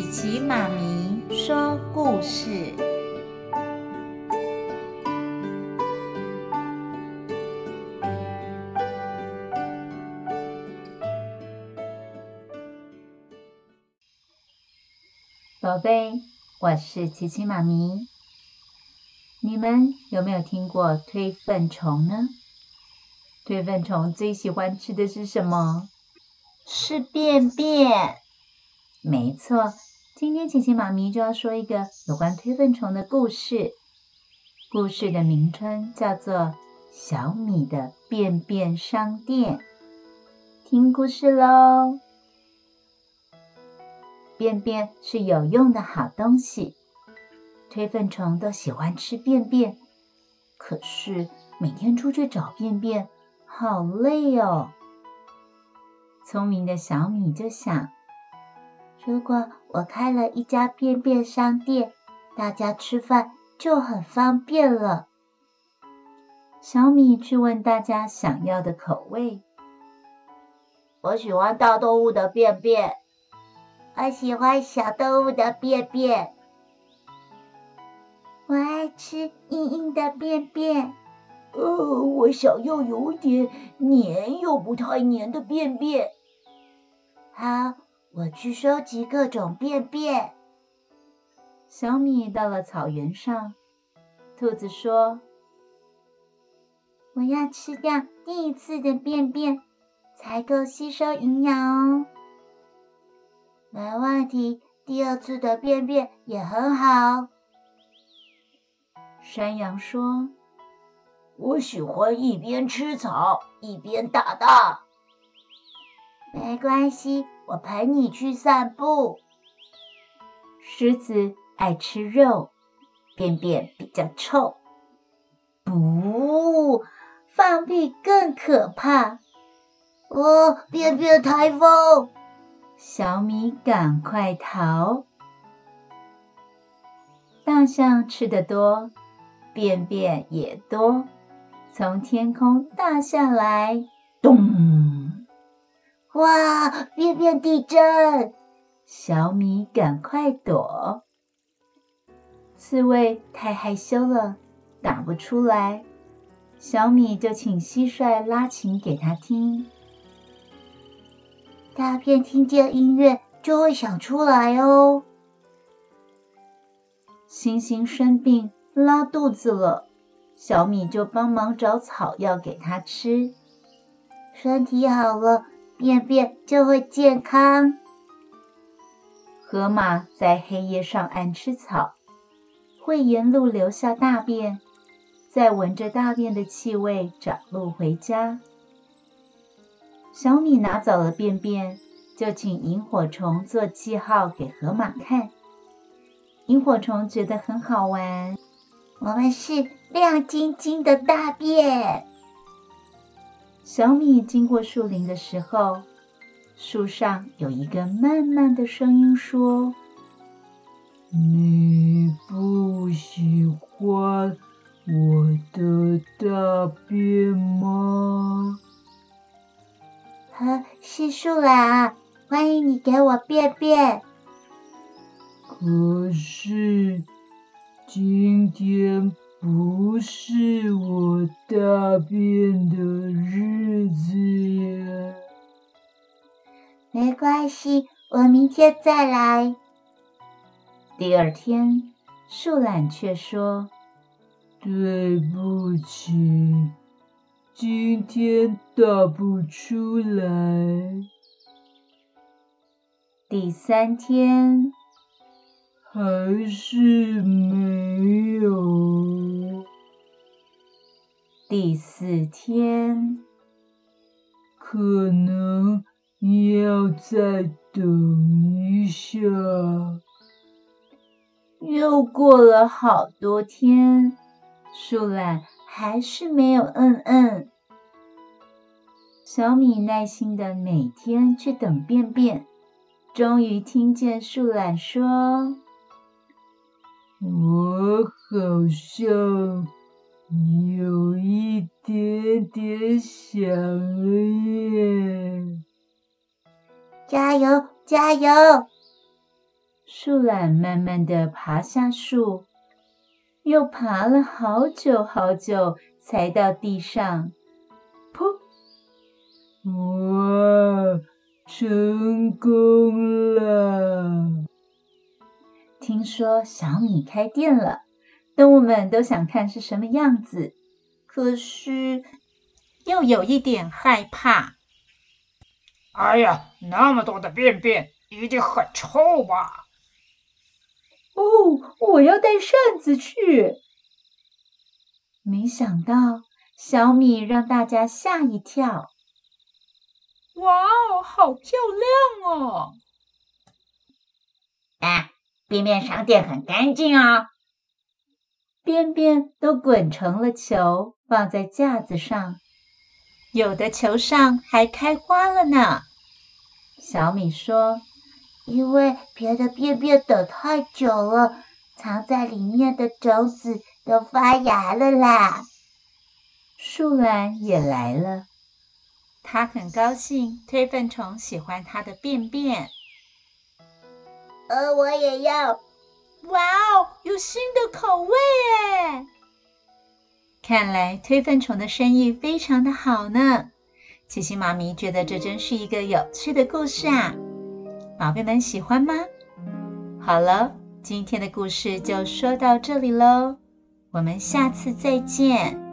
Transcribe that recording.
琪琪媽咪說故事。寶貝，我是琪琪媽咪。你們有沒有聽過推糞蟲呢？推糞蟲最喜歡吃的是什麼？是便便。沒錯。今天琪琪媽咪就要說一個有關推糞蟲的故事，故事的名稱叫做《小米的便便商店》。聽故事嘍！便便是有用的好東西，推糞蟲都喜歡吃便便，可是每天出去找便便好累哦。聰明的小米就想，如果我開了一家便便商店，大家吃飯就很方便了。小米去問大家想要的口味。我喜歡大動物的便便，我喜歡小動物的便便，我，便便我愛吃硬硬的，的便便。呃，我想要有點黏又不太黏的便便。好。我去收集各種便便。小米到了草原上，兔子說：“我要吃掉第一次的便便，才夠吸收營養哦。”沒問題，第二次的便便也很好。山羊說：“我喜歡一邊吃草一邊大便。”沒關係，我陪你去散步。獅子愛吃肉，便便比較臭。不，放屁更可怕。哦，便便台風，小米趕快逃。大象吃得多，便便也多，從天空掉下來，咚。哇！便便地震！小米趕快躲。刺蝟太害羞了，打不出來。小米就請蟋蟀拉琴給他聽。大便聽見音樂就會想出來哦。猩猩生病拉肚子了，小米就幫忙找草藥給他吃，身體好了。便便就會健康。河馬在黑夜上岸吃草，會沿路留下大便，再聞着大便的氣味找路回家。小米拿走了便便，就請螢火蟲做記號給河馬看。螢火蟲覺得很好玩，我們是亮晶晶的大便。小米經過樹林的時候，樹上有一個慢慢的聲音說：“你不喜歡我的大便嗎？”啊，是樹懶啊，歡迎你給我便便。可是今天。不是我大便的日子呀，沒關係，我明天再來。第二天，樹懶卻說：“對不起，今天大不出來。”第三天。還是沒有。第四天，可能要再等一下。又過了好多天，樹懶還是沒有嗯嗯。小米耐心的每天去等便便，終於聽見樹懶說。我好像有一點點想，累。加油，加油！樹懶慢慢的爬下樹，又爬了好久好久，才到地上。噗。我成功了。聽說小米開店了，動物們都想看是什麼樣子，可是又有一點害怕。哎呀，那麼多的便便，一定很臭吧？哦，我要帶扇子去。沒想到小米讓大家嚇一跳。哇哦，好漂亮哦！啊便便商店很乾淨哦。便便都滾成了球，放在架子上，有的球上還開花了呢。小米說：“因為別的便便等太久了，藏在裡面的種子都發芽了啦。”樹懶也來了，他很高興，推糞蟲喜歡他的便便。呃，我也要。哇哦，有新的口味誒！看來推糞蟲的生意非常的好呢。七星媽咪覺得這真是一個有趣的故事啊，寶貝們喜歡嗎？好了，今天的故事就說到這裡嘍，我們下次再見。